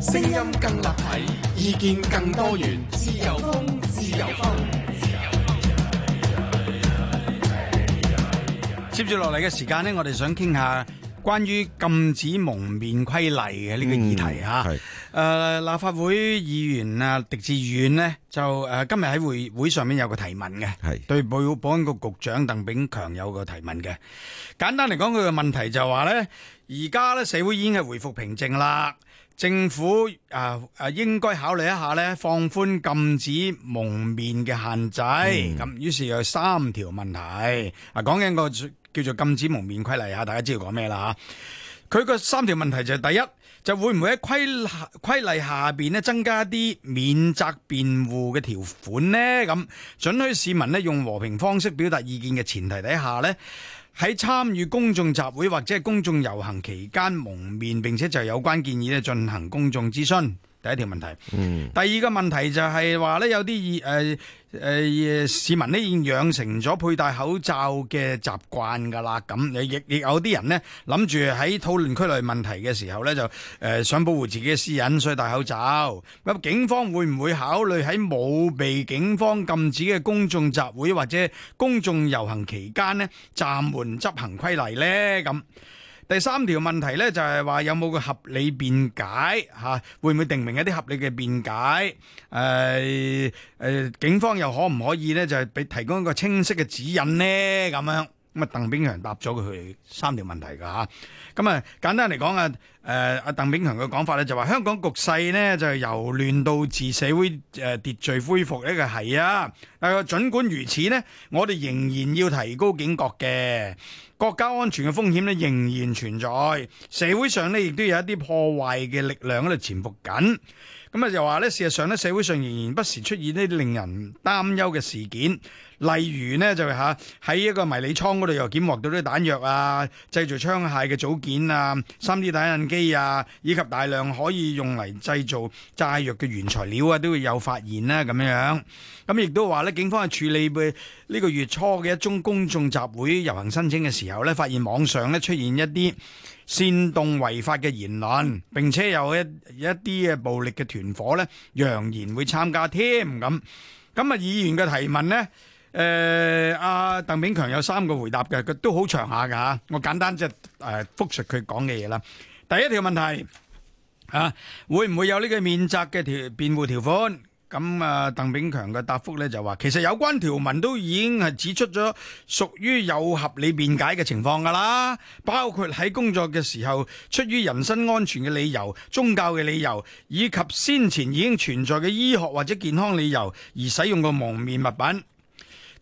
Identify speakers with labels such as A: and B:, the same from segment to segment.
A: 聲音更立體，意見更多元，自由風，自由風，自
B: 由風。接住落嚟嘅時間呢，我哋想傾下關於禁止蒙面規例嘅呢個議題吓。誒，立法會議員啊，狄志遠呢就誒今日喺會會上面有個提問嘅，係對保保安局局長鄧炳強有個提問嘅。簡單嚟講，佢嘅問題就話呢，而家呢社會已經係恢復平靜啦。政府啊，啊，應該考慮一下呢放寬禁止蒙面嘅限制。咁於、嗯、是有三條問題啊，講緊個叫做禁止蒙面規例啊，大家知道講咩啦吓？佢個三條問題就是、第一，就會唔會喺規規例下邊咧增加一啲免責辯護嘅條款呢？咁准許市民咧用和平方式表達意見嘅前提底下呢。喺參與公眾集會或者公眾遊行期間蒙面，並且就有關建議咧進行公眾諮詢。第一條問題，嗯，第二個問題就係話咧，有啲誒誒市民咧已經養成咗佩戴口罩嘅習慣噶啦，咁亦亦有啲人咧諗住喺討論區內問題嘅時候咧，就誒想保護自己嘅私隱，所以戴口罩。咁警方會唔會考慮喺冇被警方禁止嘅公眾集會或者公眾遊行期間咧，暫緩執行規例咧？咁？第三條問題咧，就係話有冇個合理辯解嚇、啊，會唔會定明一啲合理嘅辯解？誒、呃、誒、呃，警方又可唔可以咧，就係、是、俾提供一個清晰嘅指引呢？咁樣。咁啊，鄧炳強答咗佢三條問題噶吓，咁、嗯、啊，簡單嚟講啊，誒，阿鄧炳強嘅講法呢就話、是、香港局勢呢，就由亂到治，社會誒、呃、秩序恢復呢個係、就是、啊，但係，誒，盡管如此呢，我哋仍然要提高警覺嘅，國家安全嘅風險呢，仍然存在，社會上呢，亦都有一啲破壞嘅力量喺度潛伏緊，咁啊又話呢，事實上呢，社會上仍然不時出現啲令人擔憂嘅事件。例如呢，就係喺一個迷你倉嗰度又檢獲到啲彈藥啊、製造槍械嘅組件啊、3D 打印機啊，以及大量可以用嚟製造炸藥嘅原材料啊，都會有發現啦、啊、咁樣。咁亦都話呢，警方喺處理呢個月初嘅一宗公眾集會遊行申請嘅時候呢，發現網上呢出現一啲煽動違法嘅言論，並且有一一啲暴力嘅團伙呢，揚言會參加添咁。咁啊，議員嘅提問呢。誒，阿鄧、呃、炳強有三個回答嘅，佢都好長下噶吓。我簡單即係誒復述佢講嘅嘢，啦。第一條問題啊，會唔會有呢個免責嘅條辯護條款？咁、嗯、啊，鄧、呃、炳強嘅答覆呢，就話，其實有關條文都已經係指出咗屬於有合理辯解嘅情況噶啦，包括喺工作嘅時候，出於人身安全嘅理由、宗教嘅理由，以及先前已經存在嘅醫學或者健康理由而使用個蒙面物品。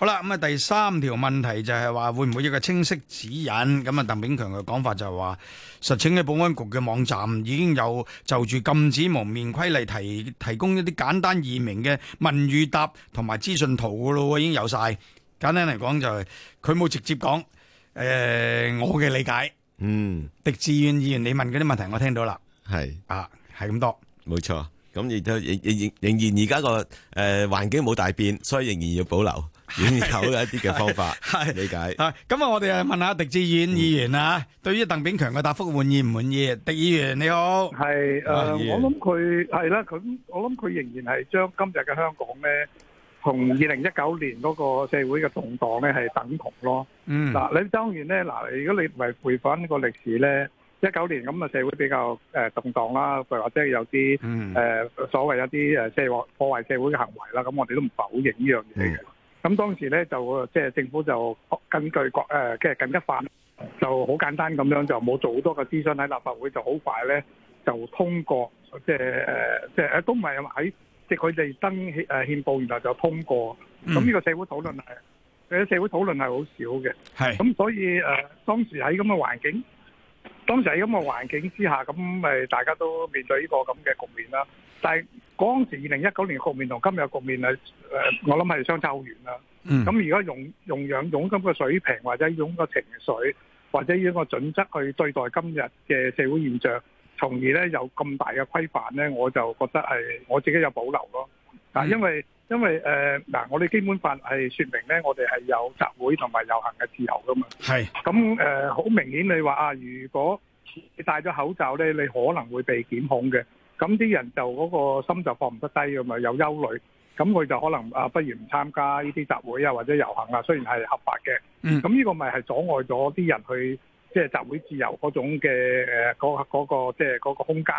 B: 好啦，咁啊，第三條問題就係話會唔會一個清晰指引咁啊？鄧炳強嘅講法就係話，實情喺保安局嘅網站已經有就住禁止蒙面規例提提供一啲簡單易明嘅問與答同埋資訊圖噶咯，已經有晒。簡單嚟講就係佢冇直接講誒，我嘅理解，嗯，狄志遠議員，你問嗰啲問題我聽到啦，係啊，係咁多，冇錯。咁亦都仍仍仍然而家個誒環境冇大變，所以仍然要保留。研究嘅一啲嘅方法，理解。咁啊，我哋啊問下狄志遠議員啊，對於鄧炳強嘅答復滿意唔滿意？狄議員你好，係誒，我諗
A: 佢係啦，咁我諗佢仍然係將今日嘅香港咧，同二零一九年嗰個社會嘅動盪咧係等同咯。嗯。嗱，你當然咧，嗱，如果你唔係回翻呢個歷史咧，一九年咁啊社會比較誒動盪啦，或者有啲誒所謂一啲誒即係破壞社會嘅行為啦，咁我哋都唔否認呢樣嘢嘅。咁當時咧就即係政府就根據國誒即係緊急法，就好簡單咁樣就冇做好多個諮詢喺立法會就，就好快咧就通過，即係誒、呃、即係誒都唔係喺即係佢哋登誒憲、呃、憲報，然後就通過。咁呢個社會討論係、呢個、社會討論係好少嘅。係。咁所以誒、呃、當時喺咁嘅環境，當時喺咁嘅環境之下，咁咪大家都面對呢個咁嘅局面啦。但係嗰陣時，二零一九年局面同今日局面係誒、呃，我諗係相差好遠啦。咁如果用用樣用咁嘅水平，或者用個情緒，或者用個準則去對待今日嘅社會現象，從而咧有咁大嘅規範咧，我就覺得係我自己有保留咯。嗱、啊，因為因為誒嗱、呃，我哋基本法係説明咧，我哋係有集會同埋遊行嘅自由噶嘛。係是。咁誒好明顯你，你話啊，如果你戴咗口罩咧，你可能會被檢控嘅。咁啲人就嗰個心就放唔得低嘅嘛，有憂慮，咁佢就可能啊，不如唔參加呢啲集會啊，或者遊行啊，雖然係合法嘅。嗯。咁呢個咪係阻礙咗啲人去即係集會自由嗰種嘅誒，嗰、呃嗰個、嗰個、即係嗰、嗰個、空間。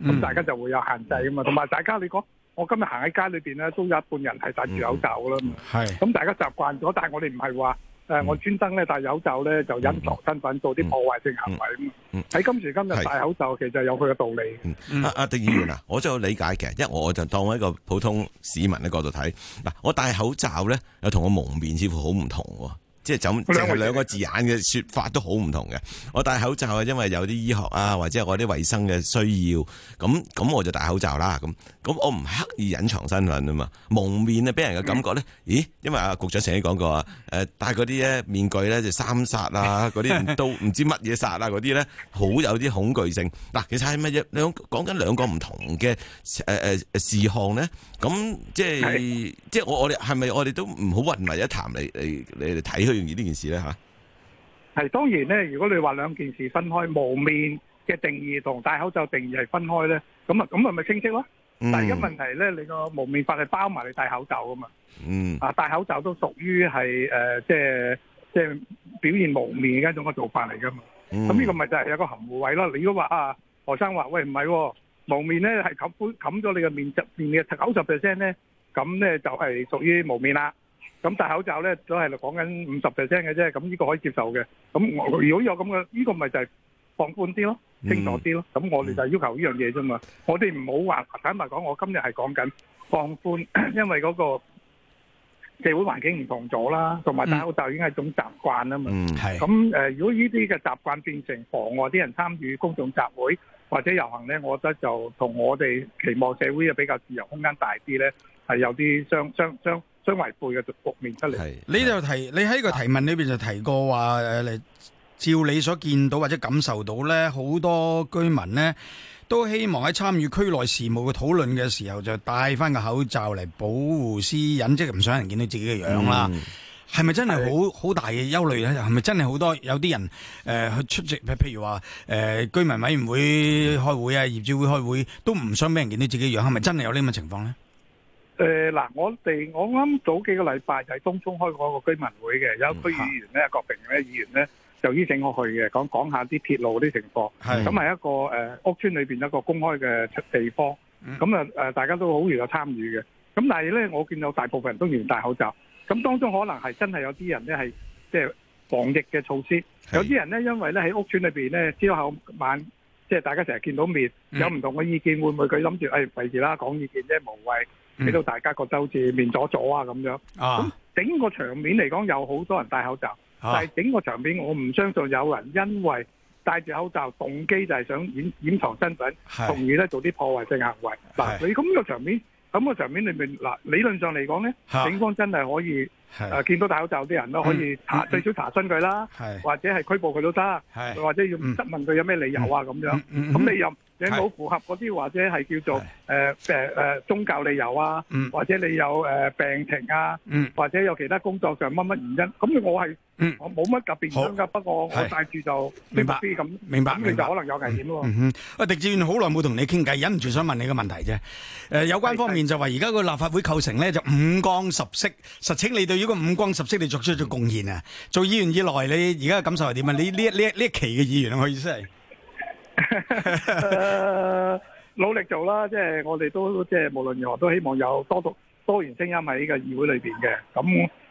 A: 嗯。咁大家就會有限制啊嘛，同埋、嗯、大家、嗯、你講，我今日行喺街裏邊咧，都有一半人係戴住口罩嘅啦。係。咁大家習慣咗，但係我哋唔係話。誒，我專登咧戴口罩咧，就隱藏身份，做啲破壞性行為。喎、嗯，喺、嗯嗯、今時今日戴口罩，是其實有佢嘅道理。
B: 阿阿狄議員啊，嗯、我真係好理解嘅，因為我，我就當喺一個普通市民嘅角度睇。嗱，我戴口罩咧，又同我蒙面似乎好唔同。即係就即係兩個字眼嘅說法都好唔同嘅。我戴口罩啊，因為有啲醫學啊，或者我啲衛生嘅需要。咁咁我就戴口罩啦。咁咁我唔刻意隱藏身份啊嘛。蒙面啊，俾人嘅感覺咧，咦？因為啊，局長曾經講過、呃就是、啊，誒戴啲咧面具咧，就三殺啊，啲都唔知乜嘢殺啊，啲咧好有啲恐懼性。嗱、啊，其實係乜嘢你講緊兩個唔同嘅誒誒事項咧？咁即係的即係我我哋係咪我哋都唔好混為一
A: 談嚟嚟你哋睇呢件事咧吓，係當然咧。如果你話，兩件事分開，蒙面嘅定義同戴口罩定義係分開咧，咁啊，咁係咪清晰咯？但係而家問題咧，你個蒙面法係包埋你戴口罩噶嘛嗯啊，戴口罩都屬於係誒，即係即係表現蒙面嘅一種嘅做法嚟噶嘛咁呢個咪就係有個含糊位咯。你如果話啊，何生話喂唔係，蒙面咧係冚杯冚咗你嘅面，十面嘅九十 percent 咧，咁咧就係屬於蒙面啦。咁戴口罩咧，都係嚟講緊五十 percent 嘅啫，咁呢個可以接受嘅。咁我如果有咁嘅呢個，咪就係放寬啲咯，清楚啲咯。咁、嗯、我哋就係要求呢樣嘢啫嘛。嗯、我哋唔好話坦白講，我今日係講緊放寬，因為嗰個社會環境唔同咗啦，同埋戴口罩已經係一種習慣啊嘛。咁誒、嗯，如果呢啲嘅習慣變成妨礙啲人參與公眾集會或者遊行咧，我覺得就同我哋期望社會嘅比較自由空間大啲咧，係有啲相相相。相相將
B: 維背嘅就表面出嚟。你就提，你喺個提問裏邊就提過話，誒、呃，照你所見到或者感受到咧，好多居民呢都希望喺參與區內事務嘅討論嘅時候，就戴翻個口罩嚟保護私隱，即係唔想人見到自己嘅樣啦。係咪、嗯、真係好好大嘅憂慮咧？係咪真係好多有啲人誒去、呃、出席？譬如話誒、呃，居民委員會開會啊，業主會開會都唔想俾人見到自己嘅樣，係咪真係有呢咁嘅情況咧？
A: 誒，嗱、呃，我哋我啱早幾個禮拜就係東涌開過一個居民會嘅，嗯、有一區議員咧、郭、嗯、平咧、議員咧就邀請我去嘅，講講下啲鐵路啲情況。咁係的一個誒、呃、屋村裏邊一個公開嘅地方，咁啊誒大家都好熱嘅參與嘅。咁但係咧，我見到大部分人都仍然戴口罩。咁當中可能係真係有啲人咧係即係防疫嘅措施，的有啲人咧因為咧喺屋村裏邊咧朝後晚即係大家成日見到面，有唔同嘅意見，嗯、會唔會佢諗住誒，費事啦，講意見啫，無謂。無俾到大家個周知，面阻阻啊咁樣。咁整個場面嚟講，有好多人戴口罩，但係整個場面我唔相信有人因為戴住口罩動機就係想掩掩藏身份，從而咧做啲破壞性行為。嗱，你咁個場面，咁個場面裏面嗱，理論上嚟講咧，警方真係可以誒見到戴口罩啲人都可以查，最少查詢佢啦，或者係拘捕佢都得，或者要質問佢有咩理由啊咁樣。咁你又？你冇符合嗰啲或者係叫做誒誒宗教理由啊，或者你有誒病情啊，或者有其他工作上乜乜原因？咁我係我冇乜特別原因噶，不過我帶住就明白呢啲咁，咁你就可能有危險咯。
B: 喂，狄志遠好耐冇同你傾偈，忍唔住想問你個問題啫。誒，有關方面就話而家個立法會構成咧就五光十色，實請你對於個五光十色你作出咗貢獻啊！做議員以來，你而家嘅感受係點啊？你呢一呢一呢一期嘅議員，我意
A: 思係。 努力做啦，即係我哋都即係無論如何都希望有多多多元聲音喺呢個議會裏面嘅。咁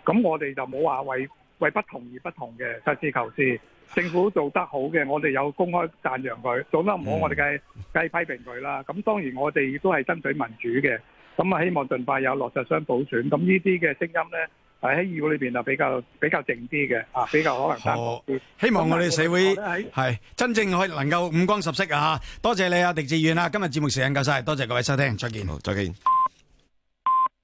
A: 咁我哋就冇話為為不同而不同嘅實事求是，政府做得好嘅我哋有公開讚揚佢，做得唔好我哋梗係批評佢啦。咁當然我哋亦都係爭取民主嘅，咁啊希望盡快有落實雙普選。咁呢啲嘅聲音呢。係喺議會裏邊啊，比較比較靜啲嘅，啊， 比較可能得。好，希望我哋社會
B: 係 真正可以能夠五光十色啊！多謝你啊，狄志遠啊，今日節目時間夠晒，多謝各位收聽，再見。好，再
A: 見。